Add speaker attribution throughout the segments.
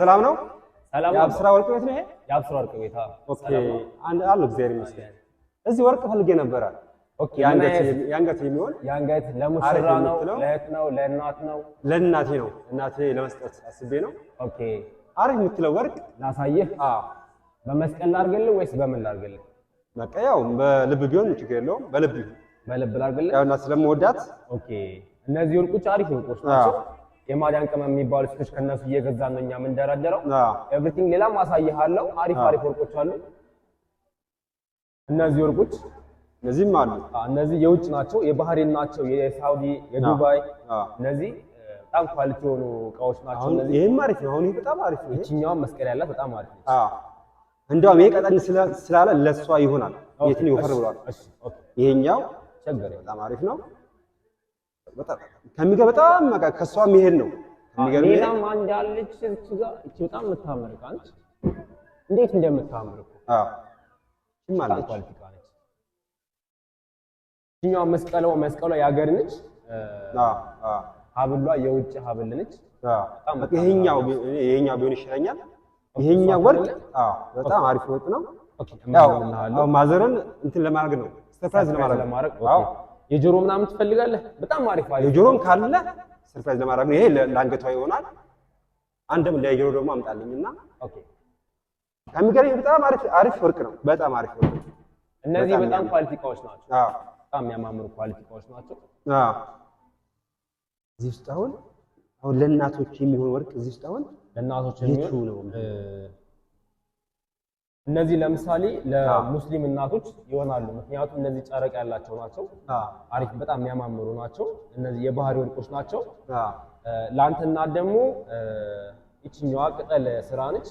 Speaker 1: ሰላም ነው። የአብስራ ወርቅ ቤት ነው ይሄ?
Speaker 2: የአብስራ ወርቅ ቤት።
Speaker 1: ኦኬ አንድ አሉ። እግዚአብሔር ይመስገን። እዚህ ወርቅ ፈልጌ ነበረ። ኦኬ የአንገት የሚሆን
Speaker 2: የአንገት ለሙሽራ ነው፣ ለእህት ነው፣ ለእናት ነው፣
Speaker 1: ለእናቴ ነው። እናቴ ለመስጠት አስቤ ነው። ኦኬ አሪፍ የምትለው ወርቅ ላሳየህ። አዎ
Speaker 2: በመስቀል ላድርግልህ ወይስ በምን ላድርግልህ?
Speaker 1: በቃ ያው በልብ ቢሆን ችግር የለውም። በልብ
Speaker 2: በልብ ላድርግልህ።
Speaker 1: ያው እናት ስለምወዳት
Speaker 2: ኦኬ። እነዚህ ወርቆች አሪፍ ወርቆች ናቸው። የማዳን ቅመም የሚባሉ ሴቶች ከነሱ እየገዛ ነው እኛ የምንደረደረው። ኤቭሪቲንግ ሌላ አሳይሃለሁ። አሪፍ አሪፍ ወርቆች አሉ። እነዚህ ወርቆች እነዚህም አሉ። እነዚህ የውጭ ናቸው፣ የባህሬን ናቸው፣ የሳውዲ፣ የዱባይ እነዚህ በጣም ኳሊቲ የሆኑ እቃዎች ናቸው።
Speaker 1: ይሄም አሪፍ ነው። አሁን በጣም አሪፍ ነው።
Speaker 2: ይችኛዋም መስቀል ያላት በጣም አሪፍ
Speaker 1: ነው። እንደውም ይሄ ቀጠን ስላለ ለሷ ይሆናል። የትን ይወፈር ብሏል። ይሄኛው ቸገር በጣም አሪፍ ነው። ከሚገባ በጣም በቃ ከሷ መሄድ ነው።
Speaker 2: ሌላም አንድ ያለች እቺ ጋር እቺ በጣም የምታምር ቃንች እንዴት እንደምታምር እኮ ማለት እኛው መስቀለው መስቀሏ ያገር ነች። ሀብሏ የውጭ ሀብል ነች።
Speaker 1: ይሄኛው ይሄኛው ቢሆን ይሻለኛል። ይሄኛው ወርቅ በጣም አሪፍ ወርቅ ነው። ያው ማዘርን እንትን ለማድረግ ነው ሰርፕራይዝ ለማድረግ ነው።
Speaker 2: የጆሮ ምናምን ትፈልጋለህ? በጣም አሪፍ አለ።
Speaker 1: የጆሮም ካለ ሰርፕራይዝ ለማድረግ ነው። ይሄ ለአንገቷ ይሆናል። አንድም ለጆሮ ደግሞ አምጣልኝና ኦኬ። ከሚገርም በጣም አሪፍ አሪፍ ወርቅ ነው። በጣም አሪፍ ወርቅ
Speaker 2: እነዚህ በጣም ኳሊቲ እቃዎች ናቸው። አዎ፣ በጣም የሚያማምሩ ኳሊቲ እቃዎች ናቸው።
Speaker 1: አዎ። እዚህ ውስጥ አሁን አሁን ለእናቶች የሚሆን ወርቅ እዚህ ውስጥ አሁን ለእናቶች የሚሆን ነው
Speaker 2: እነዚህ ለምሳሌ ለሙስሊም እናቶች ይሆናሉ። ምክንያቱም እነዚህ ጨረቅ ያላቸው ናቸው። አሪፍ በጣም የሚያማምሩ ናቸው። እነዚህ የባህሪ ወርቆች ናቸው። ለአንተ ደግሞ ይችኛዋ ቅጠል ስራ ነች።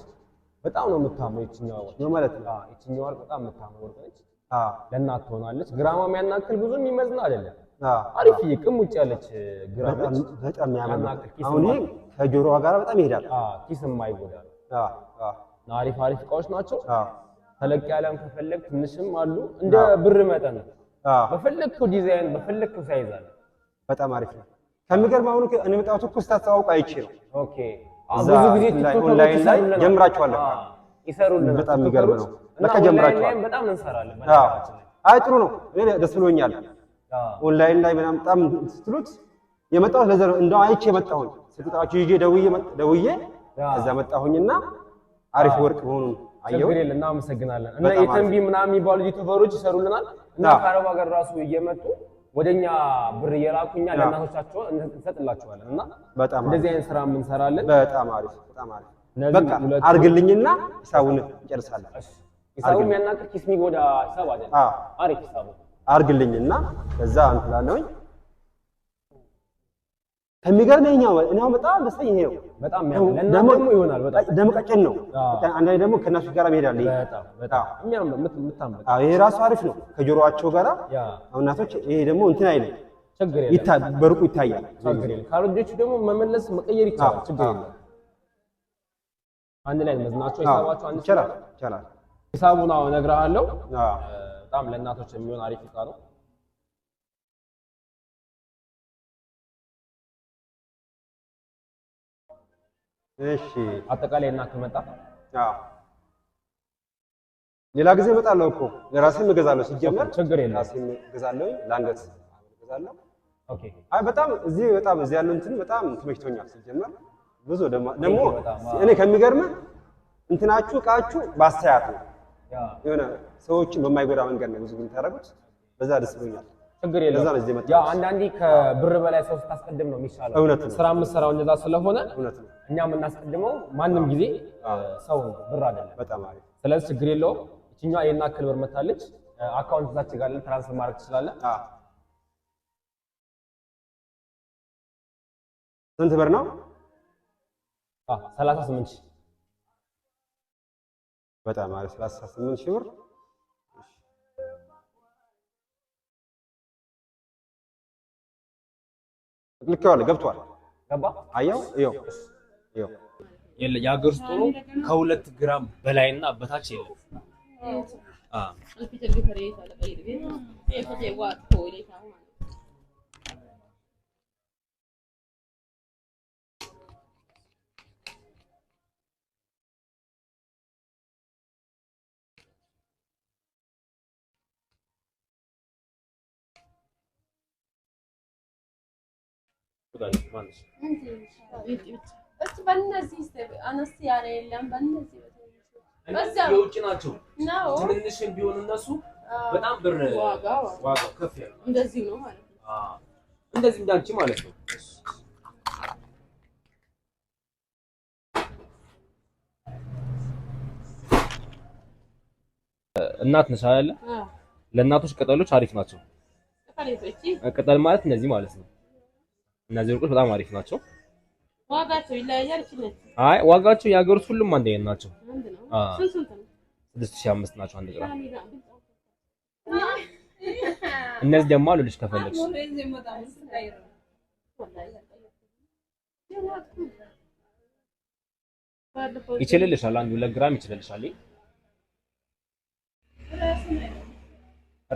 Speaker 2: በጣም ነው የምታምሩ። ይችኛዋ ወርቅ ነው ማለት ነው። ይችኛዋ ወርቅ በጣም የምታምሩ ወርቅ ነች። ለእናት ትሆናለች። ግራማ የሚያናክል ብዙ የሚመዝን አይደለም። አሪፍ ቅም ውጭ ያለች ግራማ
Speaker 1: በጣም የሚያማምሩ አሁን ከጆሮዋ ጋር በጣም ይሄዳል።
Speaker 2: ኪስ የማይጎዳ አሪፍ አሪፍ እቃዎች ናቸው። ተለቅ ያለም ከፈለግ ትንሽም አሉ እንደ ብር መጠን ነው። በፈለግከው ዲዛይን በፈለግከው ሳይዝ አለ።
Speaker 1: በጣም አሪፍ ነው። ከሚገርም አሁን እኔ በጣም ትኩስ ታስተዋውቅ አይቼ ነው። ኦኬ ብዙ ጊዜ ኦንላይን ላይ ጀምራችኋለሁ ይሰሩልን በጣም የሚገርም ነው። በቃ ጀምራችኋል።
Speaker 2: በጣም እንሰራለን።
Speaker 1: አይ ጥሩ ነው። እኔ ደስ ብሎኛል። ኦንላይን ላይ በጣም በጣም ስትሉት የመጣሁት ለዘር እንደው አይቼ መጣሁኝ። ስትጠራችሁ ይዤ ደውዬ ደውዬ እዛ መጣሁኝና አሪፍ ወርቅ መሆኑን
Speaker 2: አየሁ። እናመሰግናለን። እና የተንቢ ምናምን የሚባሉ ዩቲዩበሮች ይሰሩልናል እና ከአረብ ሀገር ራሱ እየመጡ ወደኛ ብር እየላኩ እኛ ለእናቶቻቸው እንሰጥላቸዋለን እና በጣም እንደዚህ አይነት ስራ የምንሰራለን።
Speaker 1: በጣም አሪፍ በጣም አሪፍ በቃ አርግልኝና ሂሳቡን እንጨርሳለን።
Speaker 2: ሂሳቡ የሚያናቅር ኪስ ጎዳ ሂሳብ አይደለም። አሪፍ ሂሳቡ
Speaker 1: አድርግልኝና ከዛ እንላለሁኝ ከሚገርም ከሚገርመኝ እኛው በጣም ደስተኛ ይሄ ነው። በጣም የሚያምር ይሆናል። በጣም ደም ቀጭን ነው። አንዳንዴ ደግሞ ከእናቶች ጋር ይሄዳል። ይሄ ራሱ አሪፍ ነው። ከጆሮአቸው ጋር እናቶች ይሄ ደግሞ እንትን አይልም፣ በሩቁ ይታያል።
Speaker 2: ካልወደች ደግሞ መመለስ መቀየር ይቻላል። ችግር የለም። አንድ ላይ መዝናቸው ሂሳባቸው አንድ
Speaker 1: ይቻላል።
Speaker 2: ሂሳቡን እነግርሃለሁ። በጣም ለእናቶች የሚሆን አሪፍ ዕቃ ነው። እሺ አጠቃላይ እና ከመጣ
Speaker 1: አዎ ሌላ ጊዜ እመጣለሁ እኮ ለራሴም እገዛለሁ። ሲጀመር ችግር የለም ራሴም እገዛለሁ፣ ለአንገት እገዛለሁ። ኦኬ አይ በጣም እዚህ በጣም እዚህ ያለው እንትን በጣም ተመችቶኛል። ሲጀመር ብዙ ደግሞ እኔ ከሚገርም እንትናችሁ እቃችሁ ባስተያየት ነው የሆነ ሰዎችን በማይጎዳ መንገድ ነው ብዙ ግን ታደርጉት በዛ ደስ ብሎኛል።
Speaker 2: ችግር የለም። ያው አንዳንዴ ከብር በላይ ሰው ስታስቀድም ነው የሚሻለው። እውነት ነው። ስራ የምትሰራው እንደዛ ስለሆነ እውነት ነው። እኛ የምናስቀድመው ማንም ጊዜ ሰው ነው፣ ብር አይደለም። በጣም አሪፍ። ስለዚህ ችግር የለውም። እችኛዋ የናክል ብር መታለች። አካውንት እዛችን ጋር ትራንስፈር ማድረግ ትችላለህ። ስንት ብር ነው? ሰላሳ ስምንት ሺህ
Speaker 1: በጣም አሪፍ። ሰላሳ ስምንት ሺህ ብር ልኬዋለሁ። ገብቷል። ገባ ይኸው
Speaker 2: ይኸው ውስጥ ሆኖ ከሁለት ግራም በላይና በታች የለም። አዎ
Speaker 3: አነስ ያለ የለም። በእነዚህ
Speaker 1: የውጭ ናቸው ትንንሽም ቢሆን እነሱ በጣም ብር ዋጋው ከፍ ያለ
Speaker 3: እንደዚህ ነው ማለት ነው።
Speaker 1: እንደዚህ እንዳንቺ ማለት ነው።
Speaker 2: እናት ነሽ አይደለ? ለእናቶች ቅጠሎች አሪፍ ናቸው። ቅጠል ማለት እነዚህ ማለት ነው። እነዚህ ወርቆች በጣም አሪፍ ናቸው።
Speaker 3: ዋጋቸው ይለያያል።
Speaker 2: አይ ዋጋቸው የሀገር ውስጥ ሁሉም አንድ አይነት ናቸው። ስድስት ሺህ አምስት ናቸው አንድ ግራም። እነዚህ ደግሞ አሉልሽ ከፈለግሽ ይችልልሻል። አንድ ሁለት ግራም ይችልልሻል።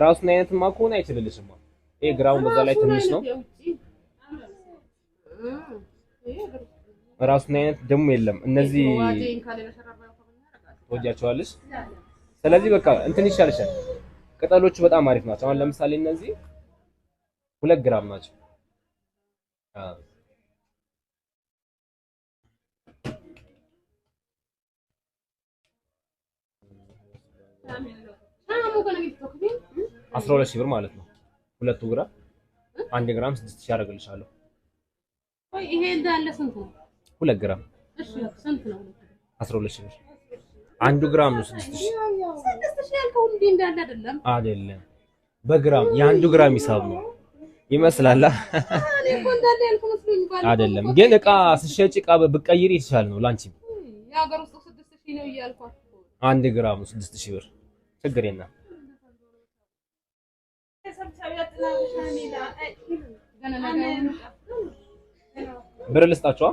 Speaker 2: ራሱን አይነትማ ከሆነ አይችልልሽማ። ይሄ ግራሙ በዛ ላይ ትንሽ ነው። ራሱን አይነት ደግሞ የለም። እነዚህ ተወጃቸዋለሽ። ስለዚህ በቃ እንትን ይሻልሻል። ቅጠሎቹ በጣም አሪፍ ናቸው። አሁን ለምሳሌ እነዚህ ሁለት ግራም ናቸው። አስራ ሁለት ሺህ ብር ማለት ነው። ሁለቱ ግራም አንድ ግራም ስድስት ሺህ አደርግልሻለሁ።
Speaker 3: ይሄ እንዳለ ስንት ነው?
Speaker 2: ሁለት ግራም እሺ፣ አስራ ሁለት ሺህ ብር አንዱ ግራም ነው ስድስት ሺህ ያልከው እንዲህ እንዳለ አይደለም፣ አይደለም በግራም የአንዱ ግራም ሂሳብ ነው ይመስላል አይደለም። ግን እቃ ስሸጭ እቃ ብቀይር የተሻለ ነው ላንቺ። የሀገር ስድስት ሺህ ነው እያልኳት አንድ ግራም ነው ስድስት ሺህ ብር ችግር የለም። ብር ልስጣችኋ።